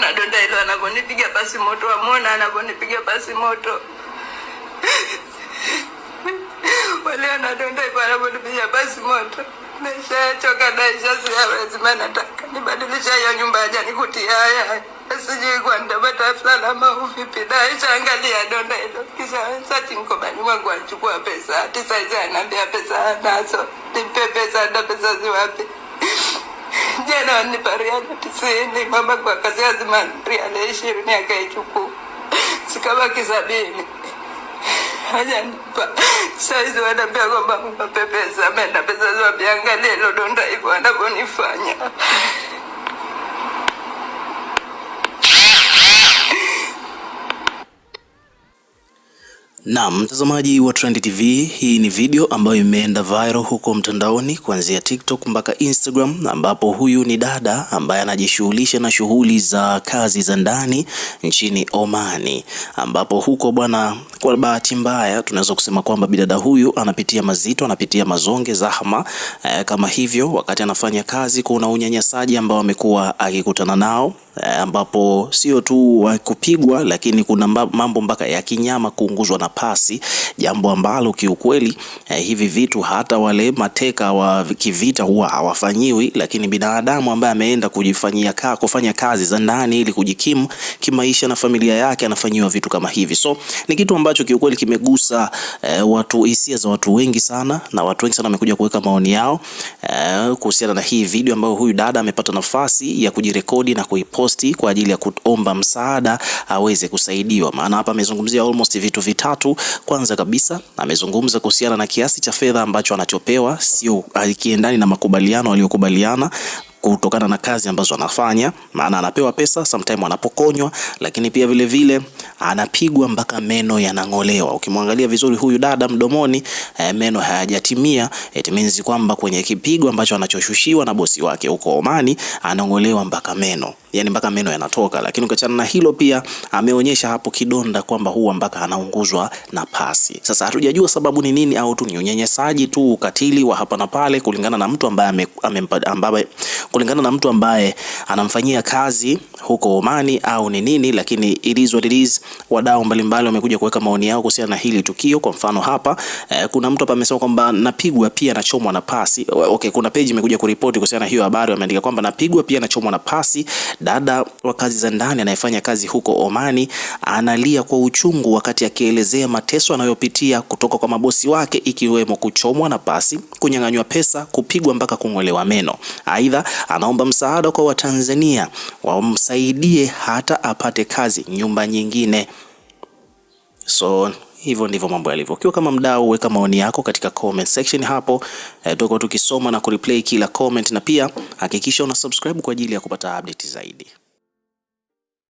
na donda hilo, anavonipiga pasi moto, amona anavonipiga pasi moto wale anadonda hivyo, anavonipiga pasi moto. Nishachoka naisha, sia lazima, nataka nibadilisha hiyo nyumba ya jani kutia haya, sijui kwa nitapata salama au vipi? Naisha angalia donda hilo, kisha sati mkobani wangu anachukua pesa tisa hizi, anaambia pesa anazo, nipe pesa, na pesa ziwapi? Jana wanipa riala tisini, mama kwa kazi lazima riala ishirini akaichukua, sikabaki sabini nipa Saizi wanambia kwa mbamu pesa menda pesa za biangalilo donda hivyo wanavyonifanya Na mtazamaji wa Trend TV, hii ni video ambayo imeenda viral huko mtandaoni kuanzia TikTok mpaka Instagram, ambapo huyu ni dada ambaye anajishughulisha na shughuli za kazi za ndani nchini Omani, ambapo huko bwana, kwa bahati mbaya tunaweza kusema kwamba bidada huyu anapitia mazito, anapitia mazonge, zahma eh, kama hivyo wakati anafanya kazi. Kuna unyanyasaji ambao amekuwa akikutana nao Eh, ambapo sio tu kupigwa, lakini kuna mambo mpaka ya kinyama kuunguzwa na pasi, jambo ambalo kiukweli eh, hivi vitu hata wale mateka wa kivita huwa hawafanyiwi, lakini binadamu ambaye ameenda kujifanyia ka, kufanya kazi za ndani ili kujikimu kimaisha na familia yake anafanyiwa vitu kama hivi. So ni kitu ambacho kiukweli kimegusa eh, watu hisia za watu wengi sana, na watu wengi sana wamekuja kuweka maoni yao eh, kuhusiana na hii video ambayo huyu dada amepata nafasi ya kujirekodi na kuipost almost kwa ajili ya kuomba msaada aweze kusaidiwa. Maana hapa amezungumzia almost vitu vitatu. Kwanza kabisa amezungumza kuhusiana na kiasi cha fedha ambacho anachopewa sio kiendani na makubaliano aliyokubaliana kutokana na kazi ambazo anafanya, maana anapewa pesa sometime anapokonywa, lakini pia vile vile anapigwa mpaka meno yanang'olewa. Ukimwangalia vizuri huyu dada mdomoni, eh, meno hayajatimia. It means kwamba kwenye kipigo ambacho anachoshushiwa na bosi wake huko Omani, anang'olewa mpaka meno yani mpaka meno yanatoka. Lakini ukiachana na hilo, pia ameonyesha hapo kidonda kwamba huwa mpaka anaunguzwa na pasi. Sasa hatujajua sababu ni nini, au tu ni unyenyesaji tu, ukatili wa hapa na pale, kulingana na mtu ambaye ame, ambaye kulingana na mtu ambaye anamfanyia kazi huko Omani au ni nini, lakini it is what it is. Wadau mbalimbali wamekuja kuweka maoni yao kuhusiana na hili tukio. Kwa mfano hapa eh, kuna mtu hapa amesema kwamba napigwa pia nachomwa na pasi. Okay, kuna page imekuja kuripoti kuhusiana na hiyo habari, wameandika kwamba napigwa pia nachomwa na pasi Dada wa kazi za ndani anayefanya kazi huko Omani analia kwa uchungu wakati akielezea mateso anayopitia kutoka kwa mabosi wake ikiwemo kuchomwa na pasi, kunyang'anywa pesa, kupigwa mpaka kung'olewa meno. Aidha, anaomba msaada kwa Watanzania wamsaidie hata apate kazi nyumba nyingine. So hivyo ndivyo mambo yalivyo. Ukiwa kama mdau, weka maoni yako katika comment section hapo e, tutakuwa tukisoma na kureplay kila comment, na pia hakikisha una subscribe kwa ajili ya kupata update zaidi.